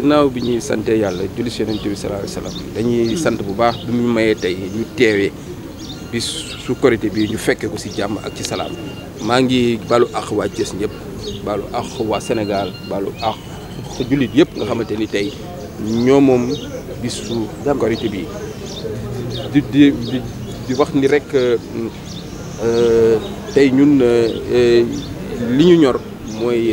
ginaaw bi ñuy santé yalla julli sen nabi sallallahu alayhi wasallam dañuy hmm. sant bu baax bu ñu maye tay ñu téwé bis su korité bi ñu fekké ko ci jamm ak ci salam ma ngi balu akhwa jess ñep balu akhwa Sénégal balu akh julit yëpp nga xamante ni tey bis su bisu korité bi di di di wax ni rek euh, euh, tay ñun euh, li ñu ñor mooy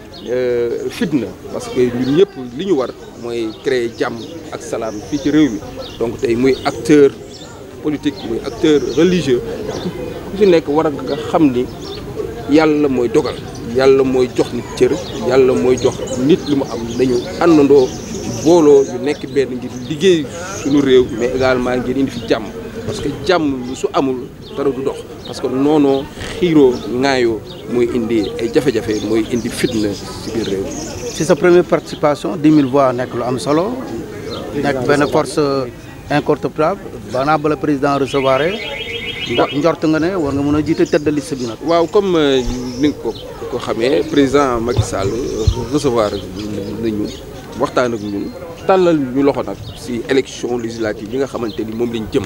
Euh, fitna parce que ñun ñëpp li ñu war mooy créer jàmm ak salaam fii ci réew mi donc tey muy acteur politique muy acteur religieux ku ci nekk war nga xam ni yàlla mooy dogal yàlla mooy jox nit cër yàlla mooy jox nit li mu am nañu àndandoo booloo ñu nekk benn ngir liggéey suñu réew mais également ngir indi fi jàmm parce que jàmm su amul dara du dox parce que noonoo xiro ngayo moy indi ay jafé jafé moy indi fitna ci bir rew ci sa première participation 10 voix nek lu am solo nek ben force incontournable bana bala président recevoir ndax ndort nga ne war nga mëna a jiite de liste bi nak waaw comme euh, ni ko ko xamee président Macky Sall euh, recevoir nañu waxtaan ak ñun tàllal ñu loxo nak ci élection législative yi nga xamante mom liñ jëm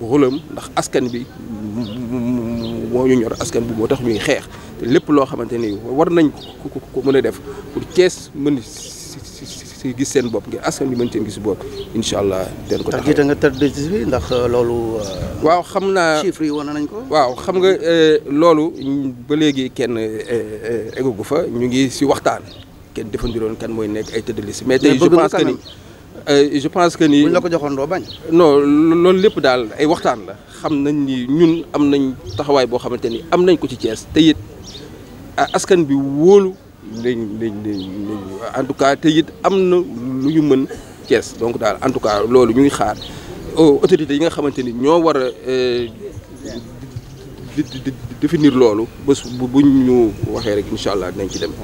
rôlam ndax askan bi moo ñu ñor askan bi moo tax ñuy xeex te lépp loo xamante ni war nañ ko mën a def pour Thiès mën si gis seen bopp ngir askan bi mën seen gis bopp incha allah. den ko taxawee nga tëdd bi ndax euh, loolu. Euh, waaw xam naa chiffres yi wane nañ ko. waaw xam nga euh, loolu ba léegi kenn eggu fa ñu ngi si waxtaan kenn defandiroon kan mooy nekk ay tëdd list mais tey je pense que Euh, je pense que ni. buñ la ko joxoon doo bañ. non loolu lépp daal ay waxtaan la xam nañ ni ñun am nañ taxawaay boo xamante ni am nañ ko ci cees te it askan bi wóolu lañ lañ lañ en tout cas te it am na lu ñu mën Thiès donc daal en tout cas loolu ñu ngi xaar oh, autorité yi nga xamante ni ñoo war a euh, définir loolu bés bu ñu waxee rek incha allah dinañ ci dem.